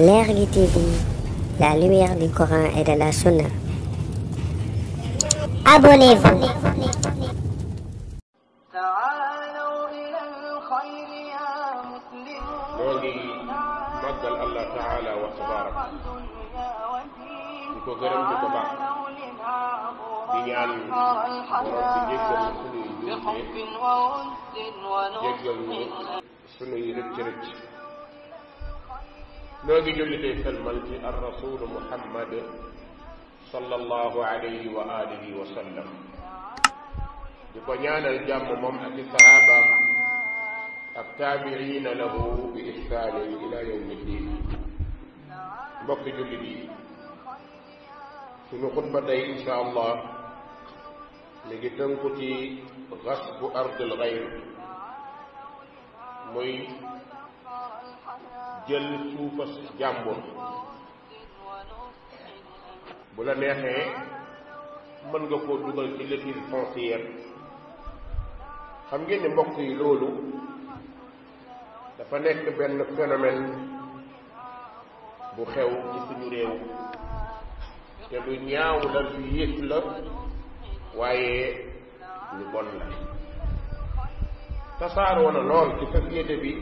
L'Airly TV, la lumière du Coran et de la Sunna. Abonnez-vous. ko gërëm di ko baax di ñaan borom bi jéggal sunuy jéggal ñu sunuy rëcc rëcc نبي جلدي فالملجي الرسول محمد صلى الله عليه وآله وسلم لبنيان الجام ممع الصحابة التابعين له بإحسان إلى يوم الدين بك جلدي شنو خطبتي إن شاء الله لجتنكتي غصب أرض الغير مي jël suufa jàmbur bu la neexee mën nga koo dugal ci litige foncière xam ngeen ne mbokk yi loolu dafa nekk benn phénomène bu xew ci suñu réew te lu ñaaw la lu yées la waaye lu bon la tasaaroo na lool ci société bi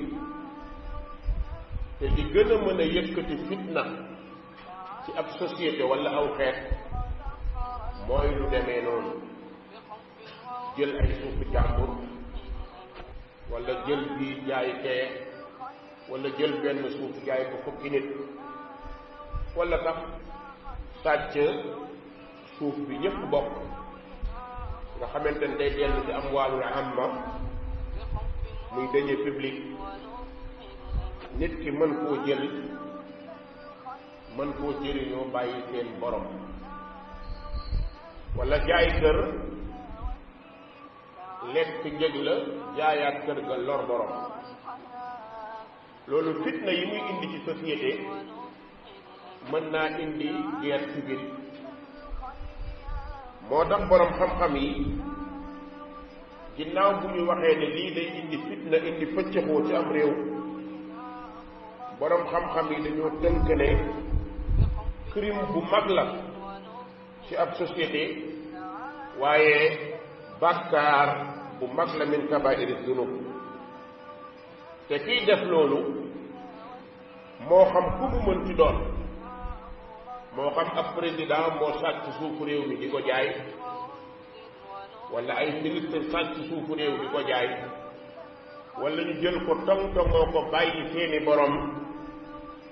te di gën a mën a yëkkati fitna ci ab société wala aw xeet mooy lu demee noonu jël ay suufu jàmbur wala jël bii jaay kee wala jël benn suuf jaay ko fukki nit wala sax sàcc suuf bi ñëpp bokk nga xamante ne day dellu ci am wàllu amma muy dañee public nit ki mën koo jël mën koo jëriñoo bàyyi seen borom wala jaay kër lekk njëg la jaayaat kër ga lor borom loolu fitna yi muy indi ci société mën naa indi guerre civile moo tax borom xam-xam yi ginnaaw bu ñu waxee ne lii day indi fitna indi pëccëxoo ci am réew borom xam-xam yi dañoo tënk ne crime bu mag la ci ab société waaye bàkkaar bu mag la min kabairi dunub te kiy def loolu moo xam ku mu mën ci doon moo xam ab président moo sàcc suufu réew mi di ko jaay ay ministre sàcc suufu réew di ko jaay wala ñu jël ko tong tongoo ko bàyyi seeni borom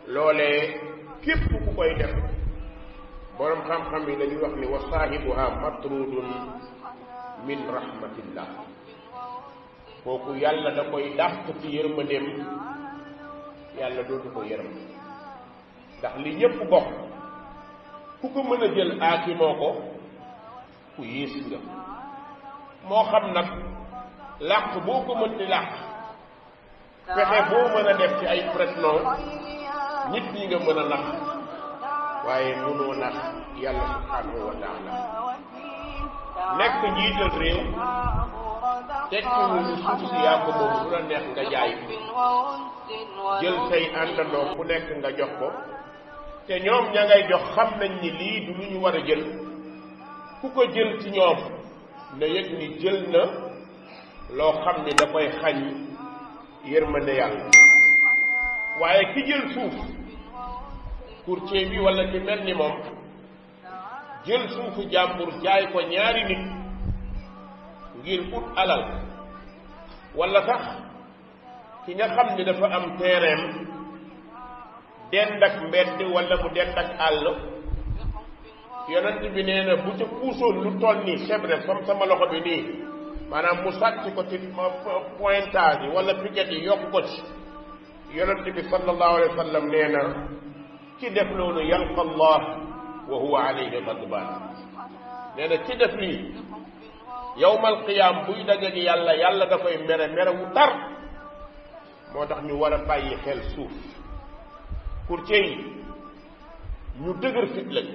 loole képp ku koy def boroom xam-xam yi dañuy wax ni wa saahibuha matrudun min rahmatillah kooku yàlla da koy dàq ci yërmandeem yàlla dootu ko yërëm ndax li ñépp bokk ku ko mën a jël aakimoo ko ku yées nga moo xam nag làq boo ko mën di làq fexe boo mën a def ci ay pression nit ñi nga mën a nax waaye mënoo nax yàlla subhaanahu wa taala nekk njiital réew tekkiwul ni suuf yaa ko moom lu la neex nga jaay jël say àndandoo ku nekk nga jox ko te ñoom ña ngay jox xam nañ ni lii du ñu war a jël ku ko jël ci ñoom na yëg ni jël na loo xam ni da koy xañ yërmande yàlla waaye ki jël suuf courtier bi wala ki mel ni moom jël suufu jàmbur jaay ko ñaari nit ngir ut alal wala sax ki nga xam ni dafa am teereem dend ak mbedd wala mu dend ak àll yonent bi nee na bu ca puusoon lu toll nii sebre sam sama loxo bi nii maanaam mu sàcc ko ci pointage yi wala piquet yi yokk ko ci يرد صلى الله عليه وسلم لنا كي دف لولو يلقى الله وهو عليه غضبان لنا كي دف لي يوم القيام بوي دجاج يالا يالا دا فاي مير مير وتر موتاخ ني ورا باي خيل سوف pour tay ñu dëgër fit lañ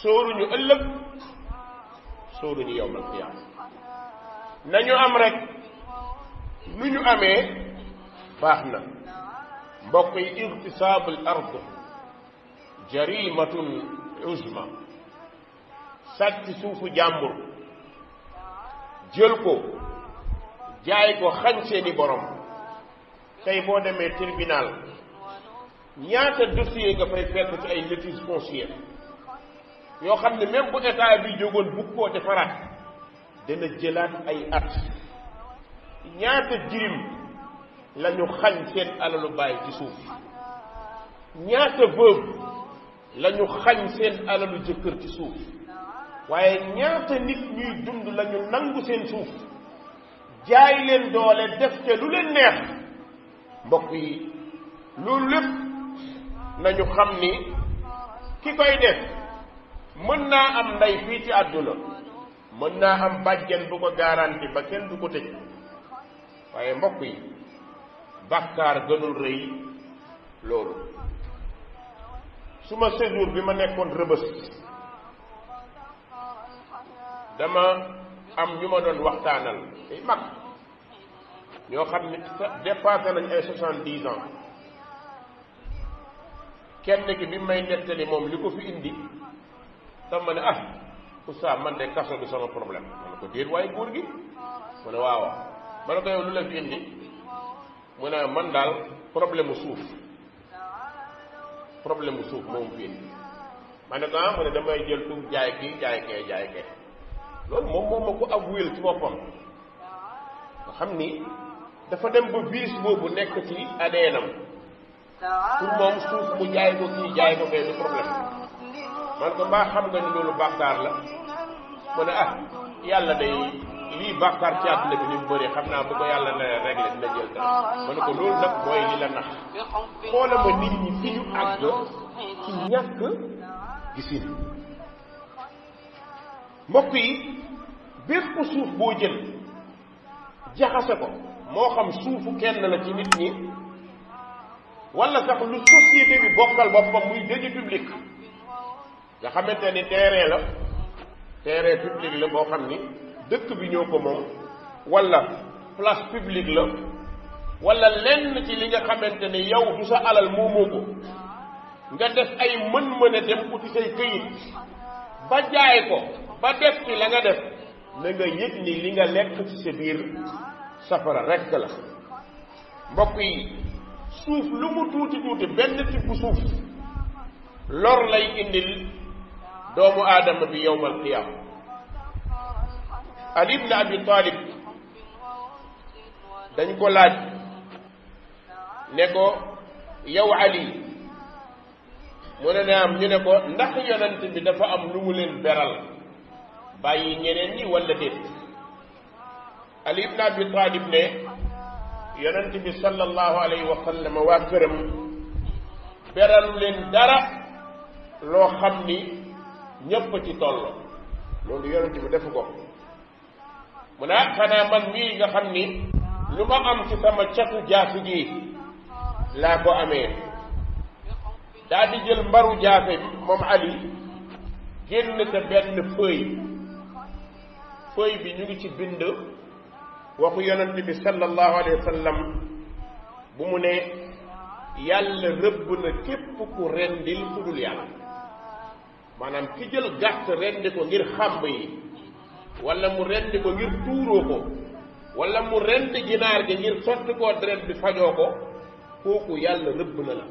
sooru ñu ëllëg sooru ñu yowmal qiyam nañu am rek nu ñu amee baax na mbokk yi irtisaabul ard jarimatun uzma sàcc suufu jàmbur jël ko jaay ko xañ seeni borom tey boo demee tribunal ñaata dossier nga fay fekk ci ay litige foncière yoo xam ne même bu état bi jógoon bugg koo defaraat dana jëlaat ay at ñaata jirim lañu xañ seen alalu bàyyi ci suuf ñaata veuve lañu xañ seen alalu jëkkër ci suuf waaye ñaata nit ñuy dund lañu nangu seen suuf jaay leen doole def te lu leen neex mbokk yi loolu lépp nañu xam ni ki koy def mën naa am ndey fii ci àdduna mën naa am bàjjen du ko garanti ba kenn du ko tëj waaye mbokk yi bàkkaar gënul rëy loolu su ma séjour bi ma nekkoon rëbës dama am ñu ma doon waxtaanal mag ñoo xam ne dépassé nañ ay soixante dix ans kenn ki bi may nettali moom li ko fi indi tam ma ne ah oustaz man de kaso bi sama problème ma ne ko déet waaye góor gi ma ne waaw ma ne ko yow lu la fi indi mu ne man daal problème mu suuf problème mu suuf moom fii ma ne ko ah, ne damay jël suuf jaay kii jaay kee jaay kee loolu moom moom ma ko avoué ci boppam nga xam ni dafa dem ba vice boobu nekk ci ADN am pour moom suuf mu jaay ko kii jaay ko kee du problème man ko xam nga ni loolu bàkkaar la mu ne ah yàlla day. lii bàkkaar ci àdduna bi ni mu bëree xam naa bu ko yàlla na réglé dina jël dara ma ne ko loolu nag mooy li la nax xoola ma nit ñi fi ñu àgg ci ñàkk gisin mbokk yi bépp suuf boo jël jaxase ko moo xam suufu kenn la ci nit ñi wala sax lu société bi bokkal boppam muy dëj public nga xamante ni terrain la terrain public la boo xam ni dëkk bi ñoo ko moom wala place publique la wala lenn ci li nga xamante ni yow du sa alal moomoo ko nga def ay mën-mëne dem uti say këyit ba jaay ko ba def ci la nga def na nga yëg ni li nga lekk ci sa biir safara rekk la mbokk yi suuf lu mu tuuti tuuti benn tibb suuf lor lay indil doomu aadama bi yowmal qiyaama Ali ibn Abi Talib dañ ko laaj ne ko yow Ali mu ne naam ñu ne ko ndax yonent bi dafa am lu mu leen beral bàyyi ñeneen ñi walla déet Ali ibn Abi Talib ne yonent bi sallallahu alayhi wa sallam waa këram beralu leen dara loo xam ni ñépp ci toll loolu yonent bi defu ko mu ne ah xanaa man mii nga xam ni lu ma am ci sama catu jaasi gi laa ko amee daa di jël mbaru jaase bi moom Ali génn sa benn feuille feuille bi ñu ci bind waxu yonent bi sallallahu alayhi wa bu mu ne yàlla rëbb na képp ku rendil ku dul yàlla maanaam ki jël gàtt rendi ko ngir xàmb yi wala mu rendi ko ngir tuuroo ko wala mu rendi ginaar gi ngir sotti koo deret bi fajoo ko kooku yàlla rëbb na la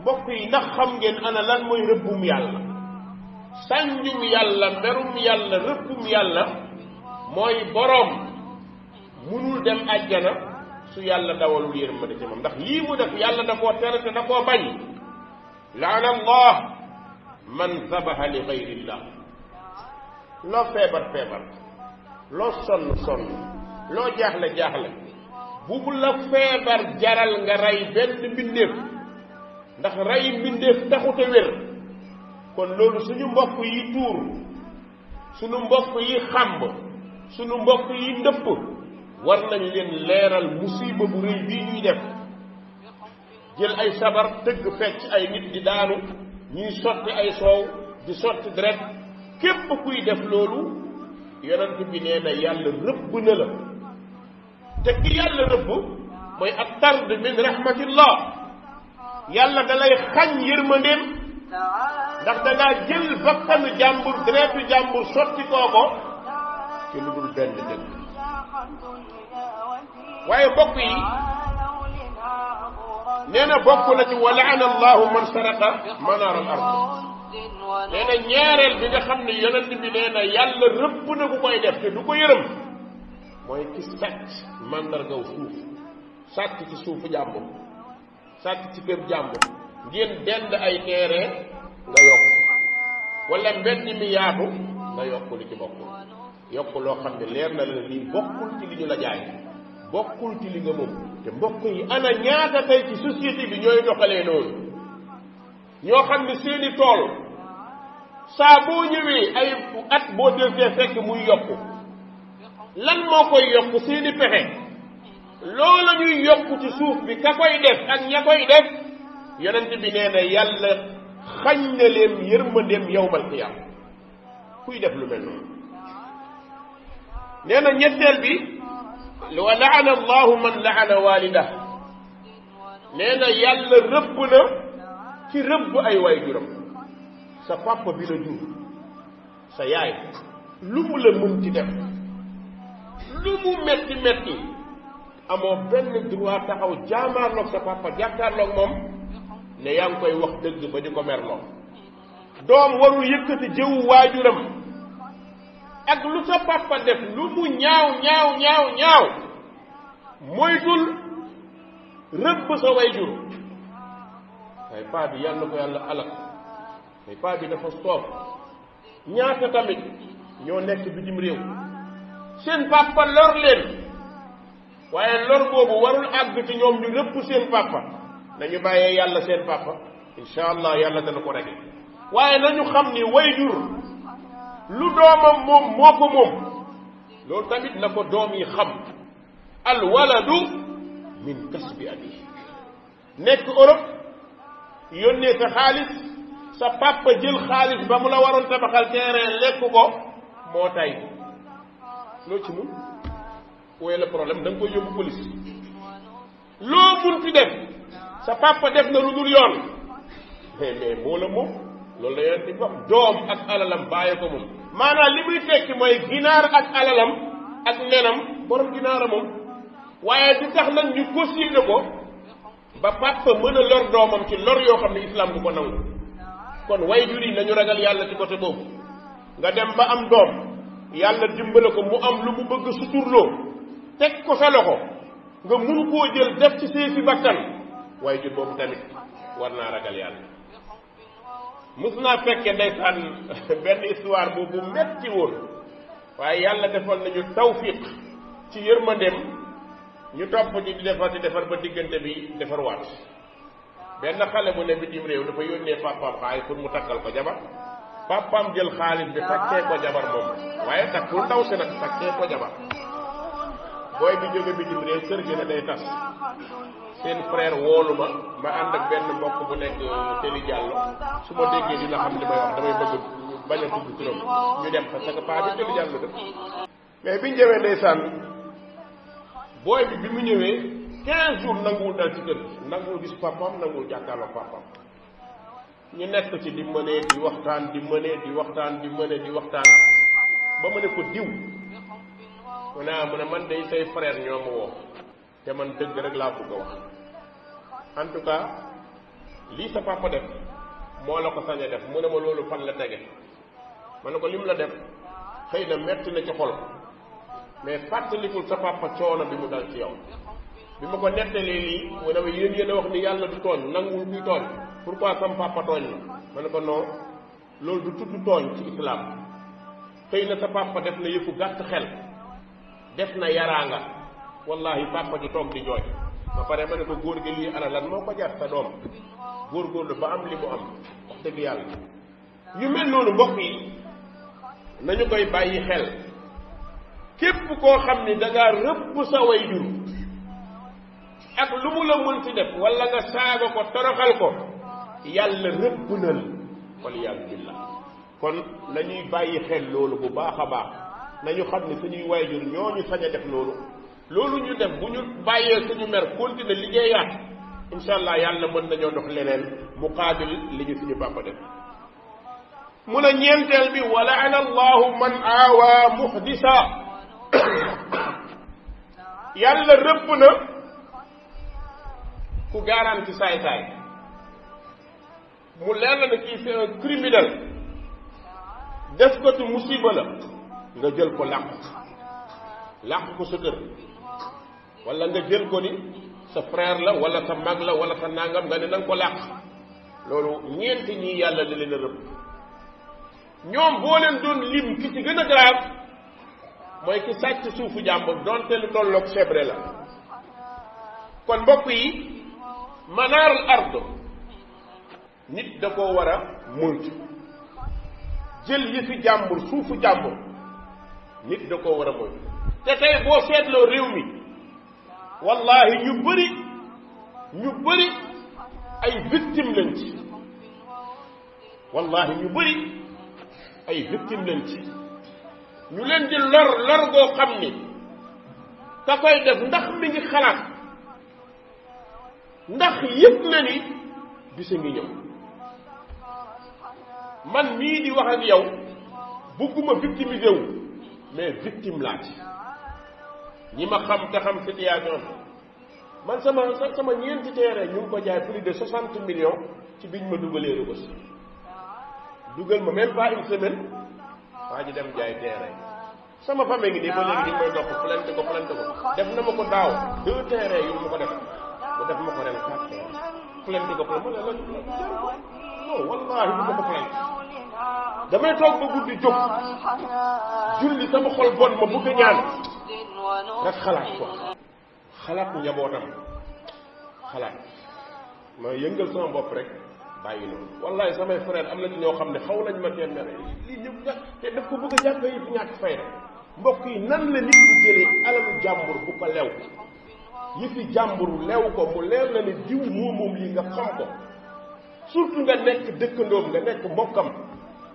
mbokk yi ndax xam ngeen ana lan mooy rëbbum yàlla sànjum yàlla mberum yàlla rëbbum yàlla mooy boroom munul dem àjjana su yàlla dawalul yërmande ci moom ndax lii mu def yàlla da koo tere te da koo bañ laana allah man zabaha li loo feebar feebar loo sonn sonn loo jaaxle jaaxle bu mu la feebar jaral nga rey benn mbindeef ndax rey mbindeef taxute wér kon loolu suñu mbokk yi tuur suñu mbokk yi xàmb suñu mbokk yi ndëpp war nañ leen leeral musiba bu rëy bii ñuy def jël ay sabar tëgg fecc ay nit di daanu ñuy sotti ay soow di sotti deret képp kuy def loolu yonent bi nee na yàlla rëbb na la te ki yàlla rëbb mooy ak tard min rahmatillah yàlla da lay xañ yërmandeem ndax dangaa jël bakkanu jàmbur deretu jàmbur sotti koo ko ci lu dul benn dëgg waaye bokk yi nee na bokk na ci walaana allahu man saraqa manaar al ard nee na ñaareel bi nga xam ne yonent bi nee yàlla rëbb na ku koy def te du ko yërëm mooy ki sàcc màndargaw suuf sàcc ci suufu jàmbur sàcc ci kër jàmbur ngeen dend ay teeree nga yokk wala mbedd mi yaatu nga yokk li ci bokkul yokk loo xam ne leer na la lii bokkul ci li ñu la jaay bokkul ci li nga moom te mbokk yi ana ñaata tey ci société bi ñooy doxalee noonu ñoo xam ne seeni tool sa bo ñewé ay at bo dellusee fekk muy yokku lan moo koy yokku seeni pexe loola ñuy yokku ci suuf bi ka koy def ak ña koy def yonent bi nee yàlla xañ na leen yërmandeem yowmal qiyam kuy def lu mel noonu nee na ñetteel bi wa laana allahu man laana waalida nee na yàlla rëbb na ci rëbb ay waajuram sa papa bi la jur sa yaay lu mu la mën ci def lu mu metti metti amoo benn droit taxaw jaamaarloog sa papa jàkkaarloog moom ne yaa ngi koy wax dëgg ba di ko merloo doom warul yëkkati jëwu waajuram ak lu sa papa def lu mu ñaaw ñaaw ñaaw moytul rëbb sa way waaye paa bi yàlla ko yàlla alal mais paa bi dafa soof ñaata tamit ñoo nekk bitim réew seen papa lor leen waaye lor boobu warul àgg ci ñoom ñu rëpp seen papa nañu bàyyee yàlla seen papa incha allah yàlla dana ko rege waaye nañu xam ni wayjur lu doomam moom moo ko moom loolu tamit na ko doom yi xam al waladu min kasbi abi nekk Europe yónnee sa xaalis sa papa jël xaalis ba mu la waroon tabaxal terrain lekk ko moo tay loo ci mun wooye la problème da koy yóbbu police loo munti def sa papa def na lu dul yoon mais mais moo la moom loolu la yoon di doom ak alalam bàyyi ko moom maanaam li muy tekki mooy ginaar ak alalam ak nenam borom ginaara moom waaye du tax nag ñu ko ko ba papa mën a lor doomam ci lor yoo xam ne islam du ko nangu kon way jur yi nañu ragal yàlla ci côté boobu nga dem ba am doom yàlla dimbale ko mu am lu mu bëgg suturloo teg ko sa loxo nga mun koo jël def ci séesi bakkan way jur boobu tamit war naa ragal yàlla mus naa fekke ndeysaan benn histoire bu bu metti woon waaye yàlla defoon nañu tawfiq ci yërmandeem ñu topp ci di defar di defar ba diggante bi defarwaat benn xale bu ne bitim réew dafa yónnee papaam xaalis pour mu takkal ko jabar papaam jël xaalis bi takkee ko jabar moom waaye takkul ndaw si nag takkee ko jabar booy bi jóge bitim ma ma ànd benn mbokk bu nekk euh, Télé Diallo su ma déggee dina xam li may wax damay bëgg bañ a tudd turam ñu mais bi mu ñëwee 15 jours nanguwul dal ci kër gi nanguwul gis papaam nanguwul jàkkaarloo papaam ñu nekk ci di mënee di waxtaan di mënee di waxtaan di mënee di waxtaan ba ma ne ko diw mu ne ah, man day say frère ñoo woo te man dëgg rek laa bëgg a wax en tout cas lii sa papa def moo la ko sañ def mu ne ma loolu fan la tege ma ne ko lim la def xëy na metti na ci xol mais fàttalikul sa papa coono bi mu dal ci yow. bi ma ko nettalee lii mu ne wax ni yàlla du tooñ nangul kuy tooñ pourquoi sam papa tooñ na ma ne ko non loolu du tudd tooñ ci islam xëy na sa papa def na yëfu gàtt xel def na yaraanga wallahi papa ji toog di jooy ba pare ma ne ko góor gi lii ana lan moo ko jar sa doom góorgóorlu ba am li mu am wax dëgg yàlla yu mel noonu mbokk yi nañu koy bàyyi xel képp koo xam ni da rëbb sa way jur ak lu mu la mën mënti def wala nga saago ko toroxal ko yàlla rëbb na la yàlla billah kon la ñuy bàyyi xel loolu bu baax a baax nañu xam ne suñuy waajur ñoo ñu sañ a def loolu loolu ñu def bu ñu bàyyee suñu mer continue liggéeyaat incha allah yàlla mën nañoo dox leneen muqaabil li ñu suñu papa def mu ne ñeenteel bi wala ala allahu man aawa muhdisa yàlla rëbb na ku garanti saay-saay mu leer la ne kii c'est un criminel def ko tu musiba la nga jël ko làq làq ko sa kër wala nga jël ko ni sa frère la wala sa mag la wala sa nangam nga ne na ko làq loolu ñeent ñii yàlla da leen a rëbb ñoom boo leen doon lim ki ci gën a grave mooy ki sàcc suufu jàmbur donte lu tolloog febre la kon mbokk yi منار الأرض نيت داكو ورا مونت جيل يفي جامبر سوف جامبر نيت داكو ورا مونت تا تاي بو سيتلو ريومي والله ني بري ني بري اي فيكتيم لنج والله ني بري اي فيكتيم لنج ني لن دي لور لور غو خامني تاكاي ديف نخ ميغي خلاص ndax yëpp na ni bisa ngi ñëw man mii di wax ak yow bugguma victimisé wu mais victime laa ci ñi ma xam te xam situation man sama sama ñeenti terrain ñu ngi ko jaay plus de 60 millions ci biñ ma dugalee Rebeuss dugal ma même pas une semaine waa ji dem jaay terrain sama famille ngi nii ba léegi ñu koy dox plainte ko plainte ko def na ma ko daaw deux terrains yu ma ko def def ma ko ren plainte nga ko oh, ma guddi jóg julli sama xol bon ma bëgg a ñaan rek xalaat ko xalaat njabootam xalaat ma yëngal sama bopp rek bàyyi noonu wallahi samay frère am nañu ñoo xam ne xaw lañ ma teel mere lii te daf ko bëgg a jàppee yi ñàkk fay rek mbokk yi nan nit ñi jëlee alalu jàmbur bu ko yëfi jàmbur lew ko mu leer la ne diw moom moom lii nga xam ko surtout nga nekk dëkkandoom nga nekk mbokkam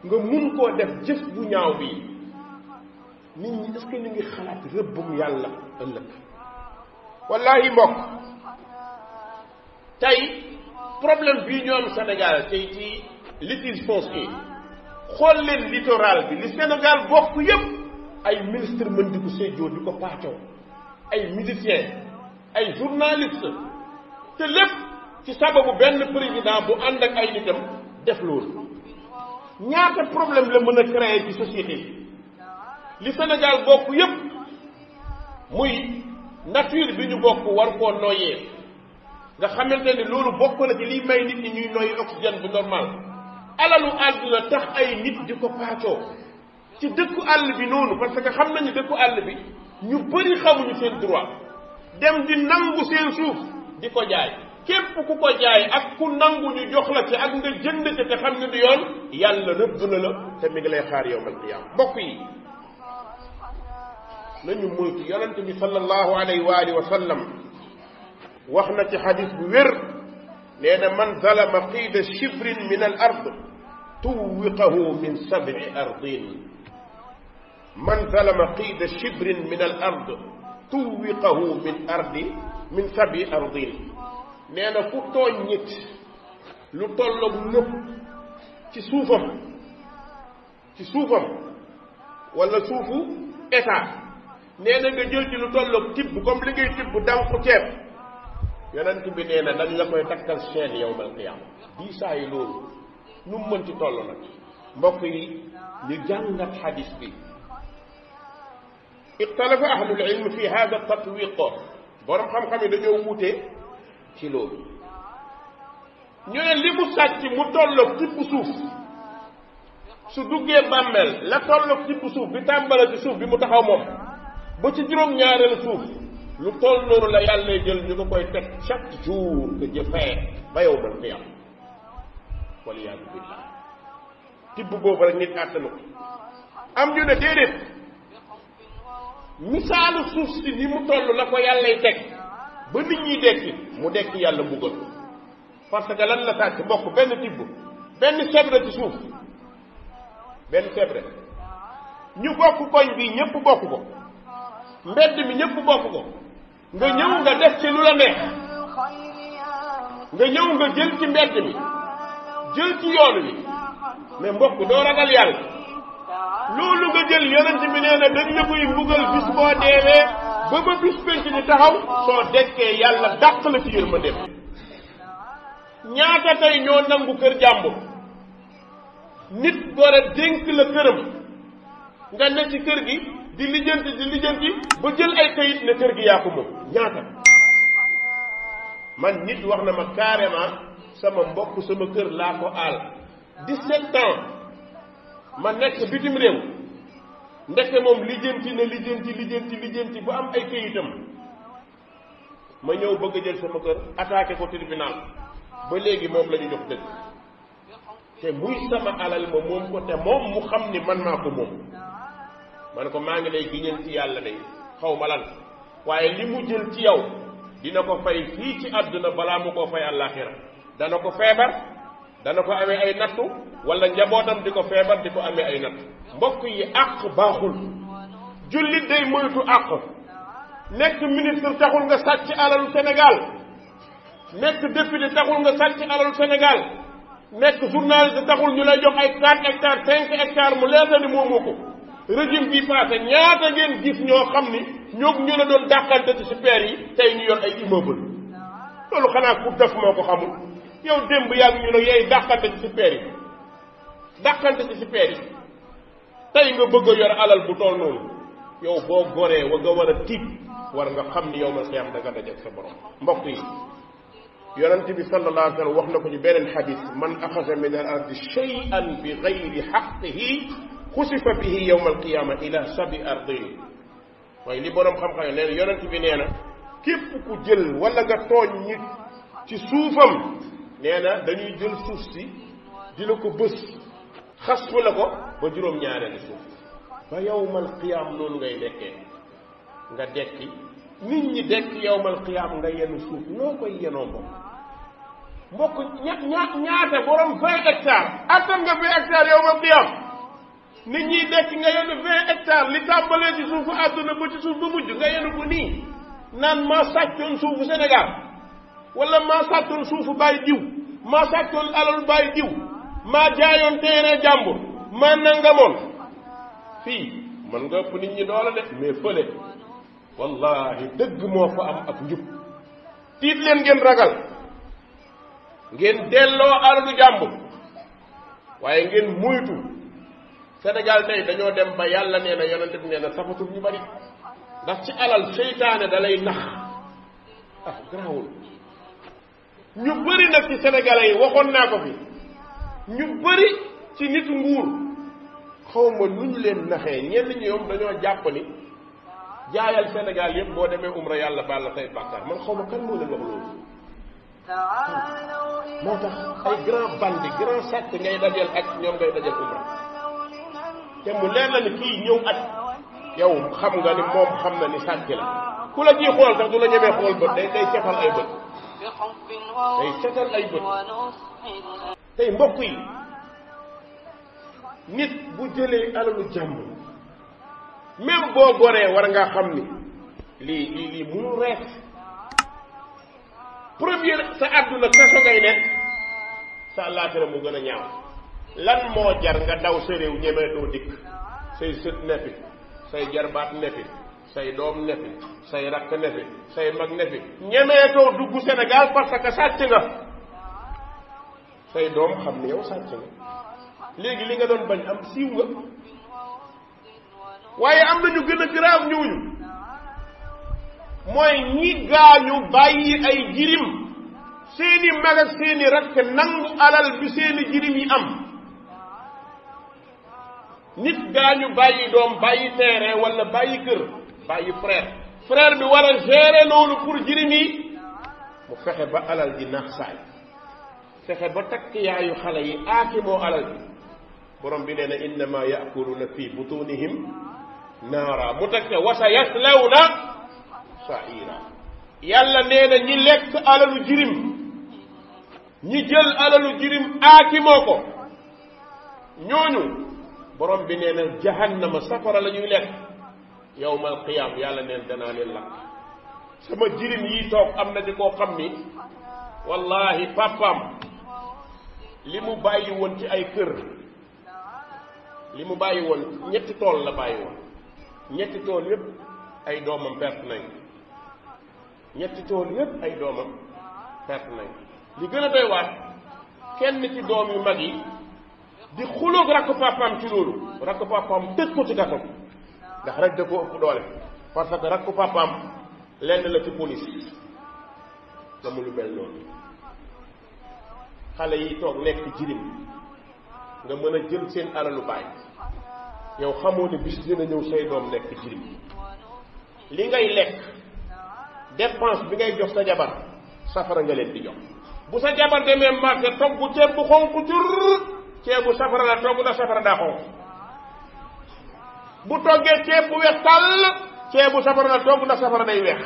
nga mun koo def jëf bu ñaaw bii nit ñi est-ce ñu ngi xalaat rëbbum yàlla ëllëg wallaahi mbokk tey problème bii ñu am Sénégal tey ci litige foncier xool leen littoral bi li Sénégal bokk yépp ay ministre mën di ko ko paacoo ay musiciens ay journaliste te lépp ci sababu benn président bu ànd ak ay nitam def loolu ñaata problème la mën a créer ci société bi li Sénégal bokk yépp muy nature bi ñu bokk war koo noyyee nga xamante ne loolu bokk na ci liy may nit ñi ñuy noyyi oxygène bu normal alalu àdduna tax ay nit di ko paacoo ci dëkku àll bi noonu parce que xam nañu dëkku àll bi ñu bëri xamuñu seen droit dem di nangu seen suuf di ko jaay képp ku ko jaay ak ku nangu ñu jox la ci ak nga jënd ci te xam ne du yoon yàlla rëbb na la te mi ngi lay xaar yow mal qiyam mbokk yi nañu moytu yonent bi sallallahu alayhi wa alihi wa sallam wax na ci xadis bu wér nee na man zalama qiida shifrin min al ard tuwiqahu min sabi ardin man zalama qiida shibrin min al ard توقه من أرض من سبع أرضين نانا فوتو نيت لو تولو نوب تي سوفم تي سوفم ولا سوفو اتا نانا نجل جيل تي لو تولو تيب كوم ليغي تيب دام كو تيب يونت بي نانا دان لا كوي تاكال شين يوم القيامه دي ساي لول نو مونتي تولو نك مبوكي ني جانغات حديث بي ixtalafa ahlul ilm fi hada tatwiq borom xam-xam yi dañoo wuute ci loolu ñu ne li mu sàcc mu tolloog tibb suuf su duggee bàmmeel la tolloog tibb suuf bi tàmbale ci suuf bi mu taxaw moom ba ci juróom-ñaareelu suuf lu toll noonu la yàlla jël ñu ko koy teg chaque jour que je fais ba yow man fi am waliyaadu billah tibb boobu rek nit àttanu ko am ñu ne déedéet misaalu suuf si ni mu toll la ko yàllay teg ba nit i dekki mu dekki yàlla mbugal parce que lan la sàcc bokk benn tibb benn sebre ci suuf benn sebre ñu bokk koñ bi ñëpp bokk ko mbedd mi ñëpp bokk ko nga ñëw nga def ci lu la neex nga ñëw nga jël ci mbedd mi jël ci yoon wi mais mbokk doo ragal yàlla loolu nga jël yonent bi nee na dañ la koy mbugal bis boo deewee ba ba bis penc di taxaw soo dekkee yàlla dàq la ci yërmandeem ñaata tey ñoo nangu kër jàmbur nit war a dénk la këram nga ne ci kër gi di lijjanti di lijjanti ba jël ay kayit ne kër gi yaa ko moom ñaata man nit wax na ma carrément sama mbokk sama kër laa ko aal 17 ans ma nekk bitim réew ndeke moom lijjanti na lijjanti lijjanti lijjanti bu am ay këyitam ma ñëw bëgg a jël sama kër attaqué ko tribunal ba léegi moom la ñu jox dëgg te muy sama alal ma moom ko te moom mu xam ni man maa ko moom ma ko maa ngi lay giñal ci yàlla de xaw ma lan waaye li mu jël ci yow dina ko fay fii ci àdduna balaa mu ko fay àllaaxira dana ko feebar dana ko amee ay nattu wala njabootam di ko feebar di ko amee ay nattu mbokk yi àq baaxul jullit day moytu àq nekk ministre taxul nga sàcc alalu Sénégal nekk député taxul nga sàcc alalu Sénégal nekk journaliste taxul ñu lay jox ay 4 hectares 5 hectares mu leer na ni moomoo ko régime bi passé ñaata ngeen gis ñoo xam ni ñoo ñu la doon dàqante ci super yi tey ñu yor ay immeuble loolu xanaa ku def moo ko xamul yow démb yaa ngi ñu ne yooyu dàqante ci super yi dàqante ci super yi tey nga bëgg a yor alal bu toll noonu yow boo goree wa nga war a tiit war nga xam ni yow ma xiyam da nga dajeg sa borom mbokk yi yonent bi sallallahu alayhi wa sallam wax na ko ci beneen xadis man axasa min al ardi shay'an bi gayri xaqihi xusifa bihi yowma alqiyama ila sabi ardin waaye li borom xam-xam nee na yonent bi nee na képp ku jël wala nga tooñ nit ci suufam neena dañuy jël suuf si di la ko bës xas fu la ko ba juróom-ñaareelu suuf ba yowmal qiyaam noonu ngay dekkee nga dekki nit ñi dekk yowmal qiyaam nga yenu suuf noo koy yenoo mbokk mbokk ña ña ñaata borom vingt hectare attan nga vingt hectares yowmal qiyaam nit ñi dekk nga yenu vingt hectare li tàmbalee ci suufu àdduna ba ci suuf ba mujj nga yenu ko nii naan maa sàccoon suufu Sénégal wala maa sàccoon suufu bàyyi diw maa sàccoon alalu bàyyi diw maa jaayoon téere jàmbur maa nangamoon fii mën nga ëpp nit ñi doole de mais fële wallahi dëgg moo fa am ak njub tiit leen ngeen ragal ngeen delloo alalu jàmbur waaye ngeen muytu Sénégal tey dañoo dem ba yàlla nee na yonente bi nee na safatul ñu bari ndax ci alal seytaane da lay nax ah garaawul ñu bëri nag ci sénégalais yi waxoon naa ko fi ñu bëri ci nit nguur xawma nu ñu leen naxee ñenn ñi ñoom dañoo jàpp ni jaayal senegal yëpp boo demee umra yàlla baal la say bàkkaar man xawma kan moo leen wax loolu moo tax ay grand bandi ngay dajal ak ñoom ngay dajal umra te mu leer na ni kii ñëw at yow xam nga ni moom xam na ni sàcc la ku la ciy xool sax du la ñemee xool bët day day cefal ay bët day tey mbokk yi nit bu jëlee alalu jàmbur même boo goree war nga xam ni lii lii lii mënul reet première sa àdduna kaso ngay nekk sa àllaaxira mu gën a ñaaw lan moo jar nga daw sa réew ñemee doo dikk say sët neppi say jarbaat neppi say doom ne fi say rakk ne fi say mag ne fi ñemeetoo dugg Sénégal parce que sàcc nga say doom xam ni yow sàcc nga léegi li nga doon bañ am siiw nga waaye am nañu gën a grave ñooñu mooy ñi gaañu bàyyi ay jirim seeni mag ak seeni rakk nangu alal bi seeni jirim yi am nit ñu bàyyi doom bàyyi terrain walla bàyyi kër bàyyi frère frère bi war a gérer loolu pour jirim yi mu fexe ba alal ji naax saay fexe ba takk yaayu xale yi aakimoo alal ji borom bi nee na innama yaakuluuna fi butunihim naara mu teg ne wasa yaslawna saira yàlla nee na ñi lekk alalu jirim ñi jël alalu jirim aakimoo ko ñooñu borom bi nee na jahannama safara la ñuy lekk yowmal qiyaam yàlla neen danaa leen lakk sama jirim yi toog am na di koo xam ni wallaahi papaam li mu bàyyi woon ci ay kër li mu bàyyi woon ñetti tool la bàyyi woon ñetti tool yépp ay doomam perte nañ ñetti tool yépp ay doomam perte li gën a doy waat kenn ci doom yu mag yi di xuloog rakk papaam ci loolu rakk papaam tëj ko ci kaso ndax rek da koo ëpp doole parce que rakku papaam lenn la ci police amu lu mel noonu xale yi toog nekk jirim nga mën a jël seen alalu baay yow xamoo ne bis dina ñëw say doom nekk jirim li ngay lekk dépense bi ngay jox sa jabar safara nga leen di jox bu sa jabar demee marché togg ceeb bu xonq jur ceebu safara la togg na safara daa xonq bu toggee ceeb bu weex tàll ceeb bu safara la togg ndax safara day weex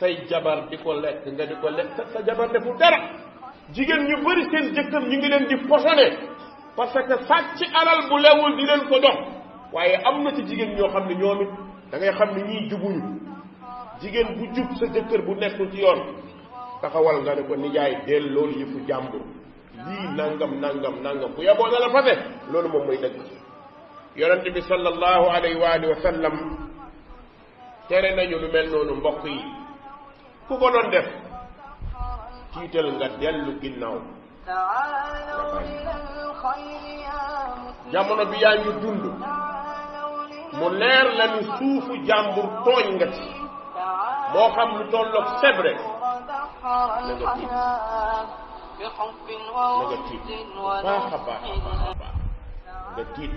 say jabar di ko lekk nga di ko lekk sa jabar deful dara jigéen ñu bari seen jëkkër ñu ngi leen di posone parce que sàcc alal bu lewul di leen ko dox waaye am na ci jigéen ñoo xam ne ñoom it da ngay xam ne ñii jubuñu jigéen bu jub sa jëkkër bu nekkul ci yoon taxawal nga ne ko nijaay delloo loolu yëfu jàmbur lii nangam nangam nangam bu yaboo na la fase loolu moom mooy dëgg yonent bi sallallahu alayhi wa alihi wa sallam tere nañu lu mel noonu mbokk yi ku ko doon def tiital nga dellu ginnaaw jamono bi yaa ngi dund mu leer la ni suufu jàmbur tooñ nga ci moo xam lu tolloog sebre na nga tiit na nga tiit baax a baax a baax nga tiit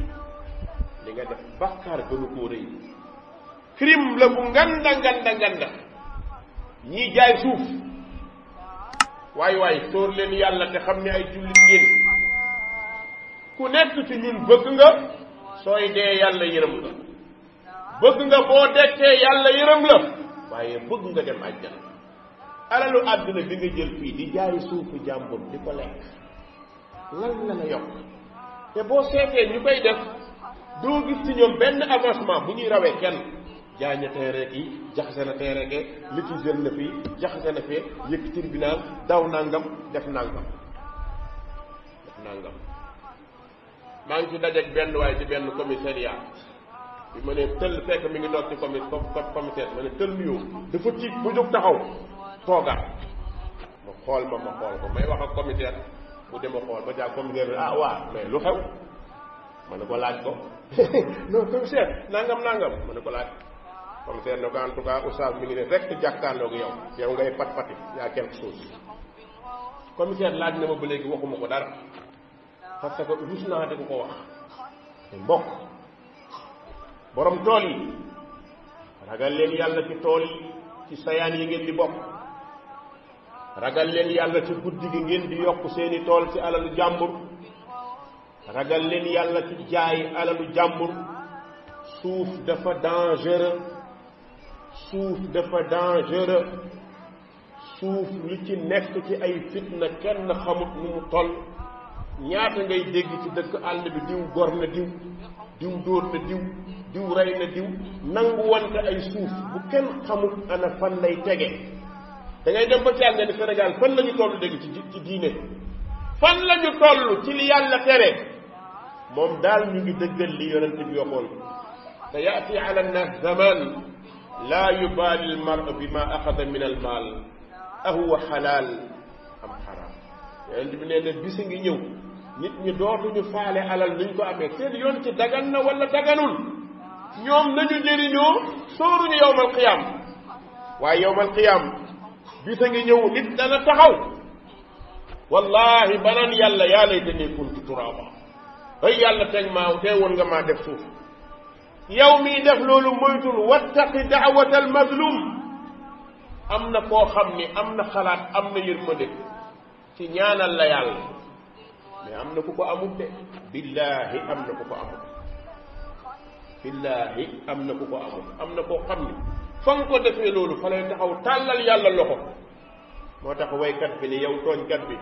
li nga def bàkkaar gënu koo rëy crime la bu nganda nganda nganda ñii jaay suuf waay waay sóor leen yàlla te xam ne ay jullit ngeen ku nekk ci ñun bëgg nga sooy dee yàlla yërëm la bëgg nga boo dekkee yàlla yërëm la waaye bëgg nga dem àjjana alalu àdduna bi nga jël fii di jaay suufu jàmbur di ko lekk lan la la yokk te boo seetee ñu koy def doo gis ci ñoom benn avancement bu ñuy rawee kenn jaay na terrain yi jaxase na terrain ke litigé na fii jaxase na fee yëkk tribunal daw nangam def nangam def nangam maa ngi ci dajeeg benn waaye ci benn commissariat bi ma ne tëll fekk mi ngi doog ci commi commissaire ma ne tëll nuyoo dafa tiit bu jóg taxaw toogaat ma xool ma ma xool ko may wax ak commissaire bu dem a xool ba jaa commissaire ah waa mais lu xew ma ko laaj ko non commissaire ya, nangam nangam ma ko laaj commissaire ne ko en tout cas oustad mi ngi ne rek ak yow yow ngay pat pati ya quelque chose commissaire laaj na ma ba léegi waxuma ko dara parce que rus na de ko wax mbok borom tool yi ragal len yalla ci tool ci sayaan yi ngeen di bok ragal len yalla ci guddigi ngeen di yok seeni tol ci alalu jàmbur ragal leen yàlla ci jaay alalu jàmbur suuf dafa dangereux suuf dafa dangereux suuf lu ci nekk ci ay fitna kenn xamut nu mu toll ñaata ngay dégg ci dëkk àll bi diw gor na diw diw dóor na diw diw rey na diw nangu wante ay suuf bu kenn xamut ana fan lay tege da ngay dem ba ci jàng ni Sénégal fan la ñu toll dégg ci ci diine fan la ñu toll ci li yàlla tere moom daal ñu ngi dëggal li yonent bi waxoon te yaati ala nnaas zaman laa yubaali almaru bi ma axada min almaal ahuwa xalaal am xaraam yonent bi nee na bisi ngi ñëw nit ñi dootuñu faale alal nuñ ko amee seen yoon ci dagan na wala daganul ñoom nañu jëriñoo sóoruñu yowmal qiyaam waaye yowmal qiyaam bisa ngi ñëw nit dana taxaw wallahi banaan yàlla yaa lay dëggee kuntu turaaba ay yàlla teg maa tee woon nga maa def suuf yow mii def loolu moytul wattaqi daawata al mazlum am na koo xam ni am na xalaat am na yërmande ci ñaanal la yàlla mais am na ku ko amut de billaahi am na ku ko amut billaahi am na ku ko amut am na koo xam ni fa nga ko defee loolu fa lay taxaw tàllal yàlla loxo moo tax waykat bi ni yow tooñkat bi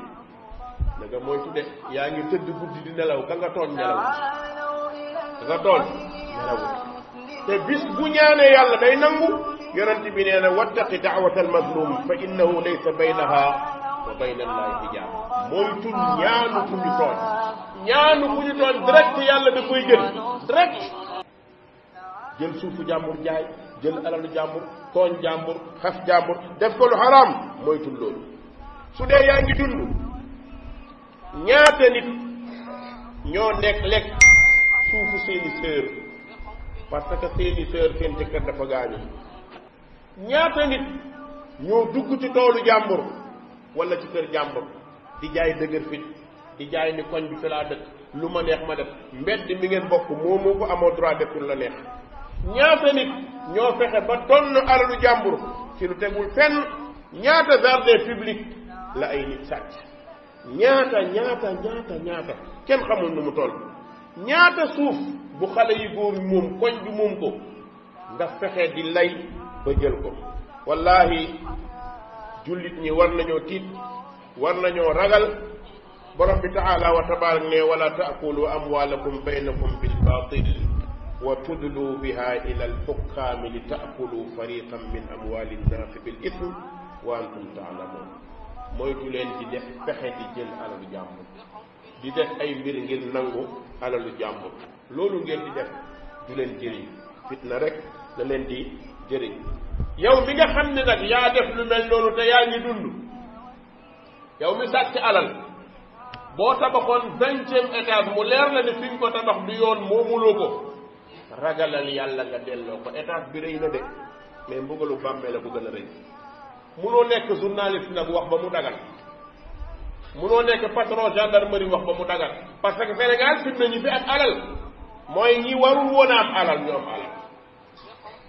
da nga moytu de yaa ngi tëdd guddi di nelaw ka nga tooñ nelaw ka nga te bis bu ñaanee yàlla day nangu yonent bi nee na wattaqi almazlum fa innahu laysa baynaha wa bayna allahi hijaab moytul ñaanu ku ñu tooñ ñaanu ku ñu tooñ direct yàlla da koy jël direct jël suufu jàmbur jaay jël alalu jàmbur tooñ jàmbur xas jàmbur def ko lu xaraam moytul loolu su dee yaa ngi dund ñaata nit ñoo nekk lekk suufu seeni sœur parce que seeni sœur seen jëkkër dafa gaañu ñaata nit ñoo dugg ci toolu jàmbur wala ci kër jàmbur di jaay dëgër fit di jaay ni koñ bi fi laa dëkk lu ma neex ma def mbedd mi ngeen bokk moo moo ko amoo droit def lu la neex ñaata nit ñoo fexe ba tonn alalu jàmbur ci lu tegul fenn ñaata jardin public la ay nit sàcc ñaata ñaata ñaata ñaata kenn xamul nu mu toll ñaata suuf bu xale yi góor moom koñ bi moom ko nga fexe di lay ba jël ko wallahi jullit ñi war nañoo tiit war nañoo ragal borom bi taala wa tabaarak ne wala taakulu amwalakum baynakum bil batil wa tudlu biha ila al hukami li taakulu fariqan min amwali nnasi bil ithm wa antum taalamun moytu leen ci def pexe di jël alalu jàmbur di def ay mbir ngir nangu alalu jàmbur loolu ngeen di def du leen jëriñ fitna rek da leen di jëriñ yow mi nga xam ne nag yaa def lu mel noonu te yaa ngi dund yow mi sàcc alal boo tabaxoon vingtième étage mu leer la ne fi nga ko tabax du yoon moomuloo ko ragalal yàlla nga delloo ko étage bi rëy na de mais mbugalu bàmmee la bu gën a rëy munoo nekk journaliste nag wax ba mu dagal munoo nekk patron gendarmerie wax ba mu dagal parce que Sénégal fi nañu fi ak alal mooy ñi warul woon a am alal ñoo am alal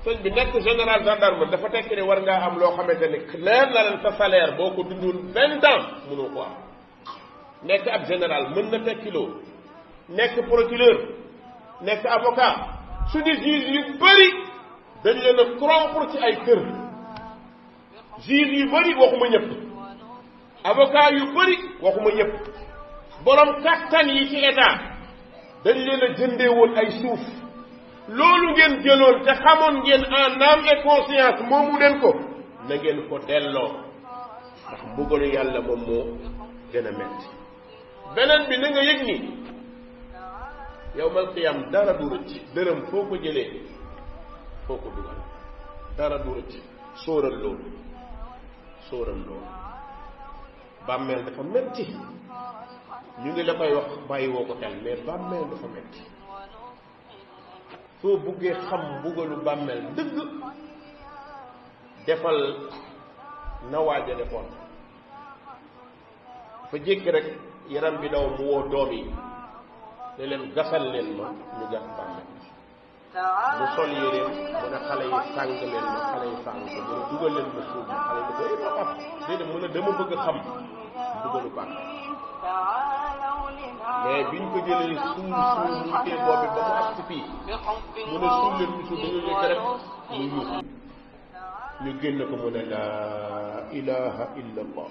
sëñ bi nekk général gendarme dafa tekk ne war ngaa am loo xamante ni leer na leen sa salaire boo ko dundul vingt ans munoo ko am nekk ab général mën na tekki loolu nekk procureur nekk avocat su di juge yu bëri dañ leen a corrompre ci ay kër juge yu bëri waxuma ñëpp avocat yu bëri waxuma ñëpp borom kattan yi ci état dañ leen a woon ay suuf loolu ngeen jëloon te xamoon ngeen en âme conscience moomu leen ko na ngeen ko delloo ndax mbugalu yàlla moom moo gën a metti beneen bi na yëg ni yawmal qiyaam dara du rëcc dërëm foo ko jëlee foo ko dugal dara du rëcc sóoral loolu sóoram lool bàmmeel dafa metti ñu ngi la wax bàyyi woo ko xel mais bàmmeel dafa metti soo buggee xam mbugalu bàmmeel dëgg defal na waaja defoon fa jékki rek yaram bi daw mu woo doom yi ne leen gasal leen ma ñu gas bàmmeel mu sol yéreem mu ne xale yi sàng leen xale yi sàng ko mu ne dugal leen ma suuf ma xale yi ko mu ne dama bëgg xam dugalu bàq mais biñ ko jëlee suul suul mu tee boobu ba mu ak fii mu ne suul leen mu suuf mu génn ko mu ne laa ilaha illa allah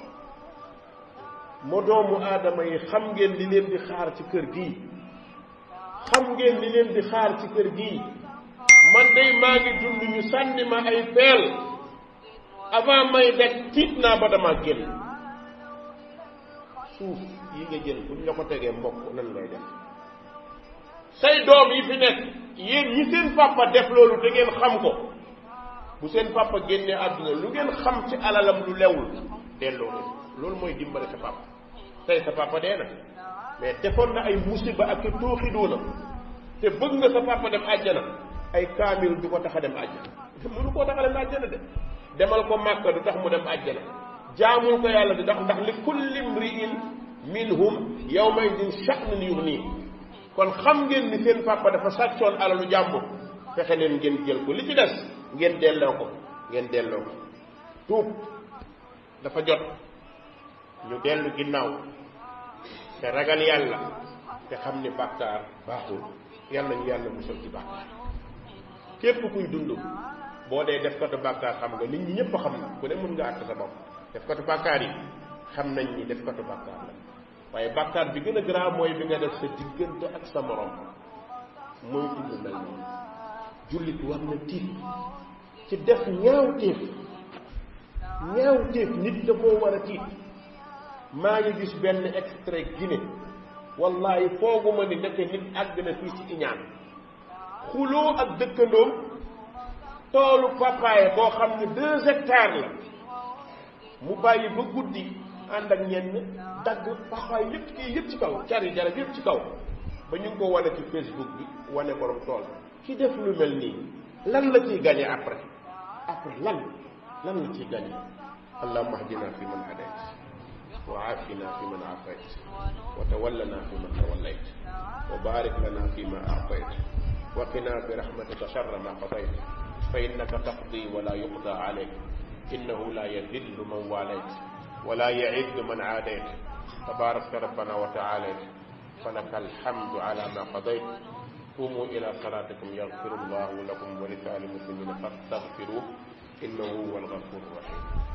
moo doomu aadama yi xam ngeen li leen di xaar ci kër gi xam ngeen li leen di xaar ci kër gi man day maa ngi dund ñu sànni ma ay peel avant may dekk tiit naa ba dama génn suuf yi nga jël buñ la ko tegee mbokk nan lay def say doom yi fi nekk yéen ñi seen papa def loolu te xam ko bu seen papa génnee àdduna lu ngeen xam ci alalam lu lewul delloo loolu mooy dimbale sa papa tey sa papa dee mais na ay musiba ak tooxi doona te bëgg nga sa papa dem ay kaamil du ko tax dem àjjana mënu koo tax de demal ko màkka du tax mu dem àjjana jaamul ko yàlla di tax ndax li minhum yawma idin sha'nun yughni kon xam ngeen ni seen papa dafa sàccoon alalu jàmbur fexe leen ngeen jël ko li ci des ngeen delloo ko ngeen delloo ko dafa jot ñu te ragal yàlla te xam ni bàkkaar baaxul yàlla ñu yàlla musal ci bàkkaar képp kuy dund boo dee def katu bàkkaar xam nga nit ñi ñëpp xam na ku ne mën nga àtt sa bopp def katu bàkkaar yi xam nañ ni def katu bàkkaar la waaye bàkkaar bi gën a grave mooy bi nga def sa diggante ak sa morom mooy dund mel noonu jullit war na tiit ci def ñaaw téef ñaaw téef nit da war a tiit maa ngi gis benn extrait Guinée wallahi fooguma ni nekk nit àgg na fii ci iñaan xuloo ak dëkkandoom toolu papaye boo xam ne deux hectares la mu bàyyi ba guddi ànd ak ñenn dagg papaye yépp kii yépp ci kaw cari jarab yépp ci kaw ba ñu ngi ko wane ci Facebook bi wane borom tool ki def lu mel nii lan la ciy gagné après après lan lan la ciy gagné allahumma ahdina fi man hadayt وعافنا فيمن عافيت وتولنا فيمن توليت وبارك لنا فيما أعطيت وقنا برحمتك شر ما قضيت فإنك تقضي ولا يقضى عليك إنه لا يذل من واليت ولا يعد من عاديت تبارك ربنا وتعالى فلك الحمد على ما قضيت قوموا إلى صلاتكم يغفر الله لكم ولسائر المسلمين فاستغفروه إنه هو الغفور الرحيم